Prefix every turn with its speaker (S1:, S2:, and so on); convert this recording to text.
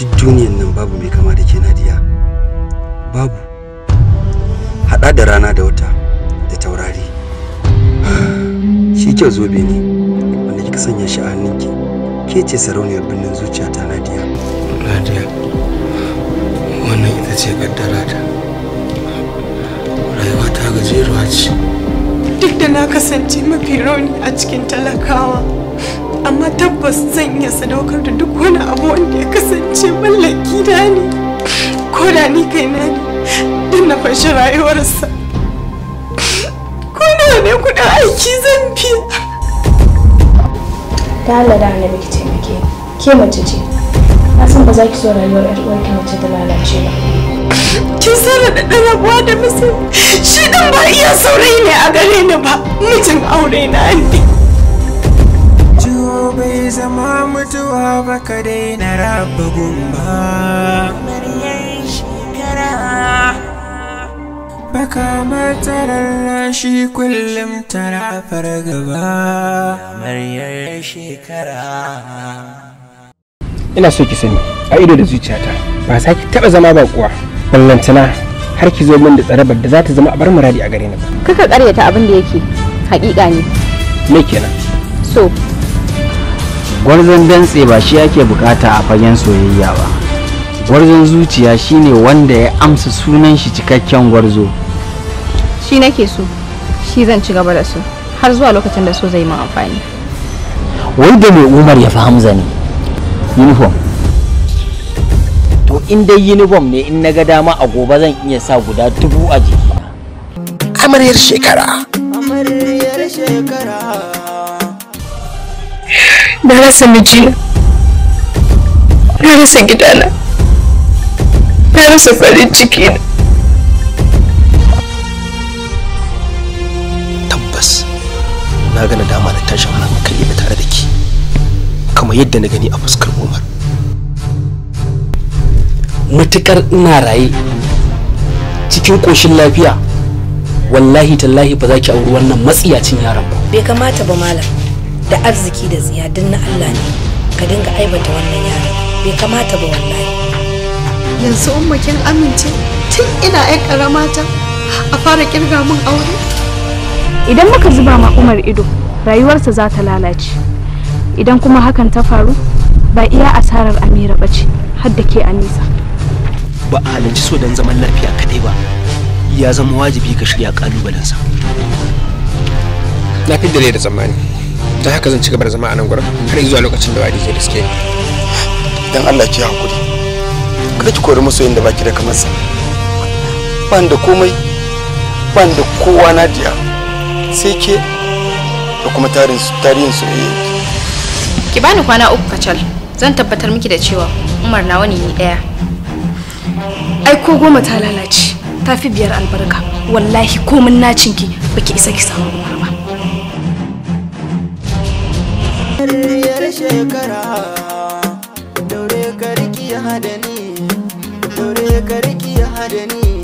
S1: duk duniyan nan babu mai kama da ke nadiya babu hada da rana da wata da taurari shi ke zobe ne wanda kika sanya shi a hannunki ke ce sarauniyar birnin zuciya ta nadiya nadiya wannan ita ce kaddara ta rayuwa ta gajeruwa ce duk da na kasance mafi rauni a cikin talakawa amma tabbas zan iya sadaukar da duk wani abu wanda ya kasance mallaki da ne ko da ni kai na ne din na fashi rayuwarsa ko da ne kuɗin aiki zan biya ta Allah da biki ce taimake ke mace ce na san ba za ki so rayuwar ƴar uwarki mace ta lalace ba kin san da rabuwa da miji shi ɗan ba iya saurayi ne a gare ni ba mijin aure na ne abu bai zama mutuwa ba ka daina raba gumba baka matarar shi kullum tara fargaba maryar shekara ina so ki sani a ido da zuciyata ba sa ki taba zama ba kuwa ballantana har ki zo min da tsarabar da za ta zama abar bar muradi a gare ni ba kaka karyata abin da yake hakika ne me kenan so gwarzon dantse ba shi yake bukata a fagen soyayya ba gwarzon zuciya shine wanda ya amsa sunan shi cikakken gwarzo shi nake so shi zan ci gaba da su, har zuwa lokacin da so zai min amfani wai da mai umar ya fi hamza ne uniform to in dai uniform ne in na ga dama a gobe zan iya sa guda dubu a jiki amaryar shekara amaryar shekara na rasa mijina na rasa gidana na rasa farin ciki na tabbas na gana dama da tashin hankali na tare da ke kamar yadda na gani a fuskar umar matukar ina raye cikin koshin lafiya wallahi tallahi ba za ki auri wannan matsiyacin yaran ba bai kamata ba malam da arziki da tsiya duk na Allah ne ka dinga aibata wannan yaron bai kamata ba wallahi yanzu umma kin amince tun ina ai karama ta a fara kirga mun aure idan muka zuba ma Umar ido rayuwarsa za ta lalace idan kuma hakan ta faru ba iya asarar Amira bace har da ke Anisa ba a halarci so don zaman lafiya kadai ba ya zama wajibi ka shirya kalubalensa na fi da da tsammani ta haka zan ci gaba da zama a nan gurin har zuwa lokacin da wadi ke da suke dan Allah ki hakuri kada ki kori masoyin da baki da kamar sa ban da komai ban da kowa na diya sai ke da kuma tarin tarihin soyayya ki bani kwana uku kacal zan tabbatar miki da cewa umar na ne ni daya ai ko goma ta lalace ta fi biyar albarka wallahi komin nacinki baki isa ki samu umar ƙaryar shekara daure ka riki hadani daure ka riki ni.